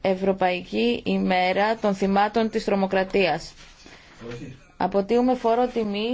Ευρωπαϊκή ημέρα των θυμάτων της τρομοκρατίας. Αποτείουμε φόρο τιμή